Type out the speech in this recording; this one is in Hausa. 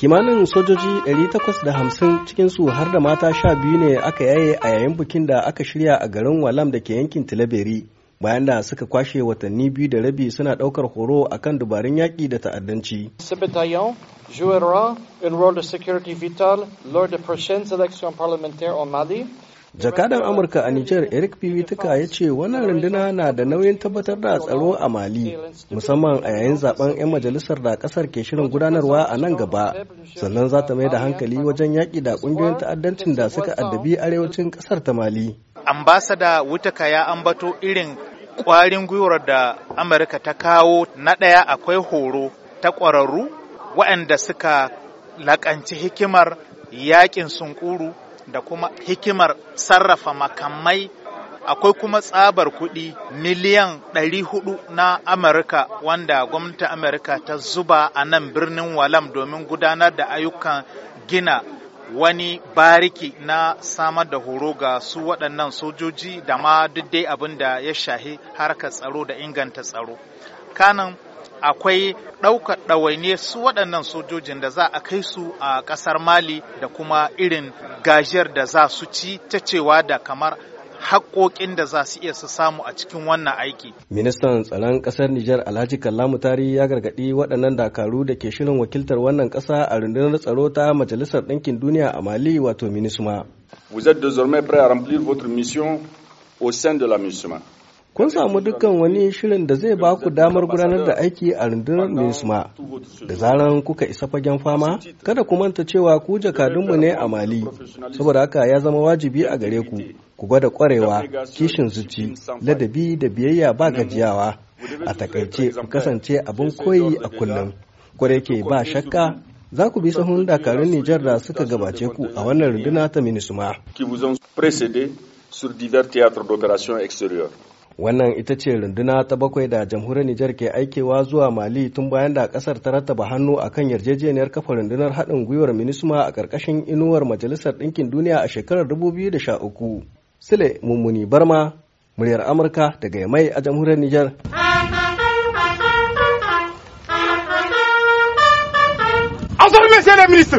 kimanin sojoji 850 cikinsu har da mata sha biyu ne aka yaye a yayin bikin da aka shirya a garin walam da ke yankin tilaberi bayan da suka kwashe watanni biyu da rabi suna daukar horo akan dubarun yaƙi da ta'addanci. jouera un rôle de sécurité vital lors des prochaines élections parlementaires au jakadan amurka a niger eric pivitika ya ce wannan runduna na da nauyin tabbatar da tsaro a mali musamman a yayin zaben 'yan majalisar da kasar ke shirin gudanarwa a nan gaba sannan za ta mai da hankali wajen yaƙi da ƙungiyoyin ta'addancin da suka addabi arewacin kasar ta mali ambasada wutaka ya ambato irin kwarin gwiwar da amurka ta kawo na ɗaya akwai horo ta ƙwararru waɗanda suka laƙanci hikimar yaƙin sunkuru da kuma hikimar sarrafa makamai akwai kuma tsabar kuɗi miliyan 400 na amurka wanda gwamnatin amurka ta zuba a nan birnin walam domin gudanar da ayyukan gina wani bariki na samar da horo ga su waɗannan sojoji da ma duk dai abin da ya shahi harkar tsaro da inganta tsaro kanan akwai ɗaukar ɗawainiyar su waɗannan sojojin da za a kai su a ƙasar mali da kuma irin gajiyar da za su ci ta cewa da kamar haƙoƙin da za su iya su samu a cikin wannan aiki. Ministan tsaron ƙasar Nijar Alhaji Kallamu ya gargaɗi waɗannan dakaru da ke shirin wakiltar wannan ƙasa a rundunar tsaro ta Majalisar Ɗinkin Duniya a Mali wato minisma. Vous êtes désormais prêt à remplir votre mission au sein de la minisma. kun samu dukkan wani shirin da zai ba ku damar gudanar da aiki a rundunar minisma da zaran kuka isa fagen fama kada ku manta cewa ku jakadunmu ne a mali saboda haka ya zama wajibi a gare ku ku gwada kwarewa kishin zuci ladabi da biyayya ba gajiyawa a takaice ku kasance abin koyi a kullum kwarai ke ba shakka za ku bi sahun dakarun nijar da suka gabace ku a wannan runduna ta minisma wannan ita ce runduna ta bakwai da jamhuriyar nijar ke aikewa zuwa mali tun bayan da kasar ta rattaba hannu a kan yarjejeniyar kafa rundunar haɗin gwiwar minisma a ƙarƙashin inuwar majalisar ɗinkin duniya a shekarar 2013 sile mummuni barma muryar amurka daga mai a jamhuriyar nijar Asar Monsieur le Ministre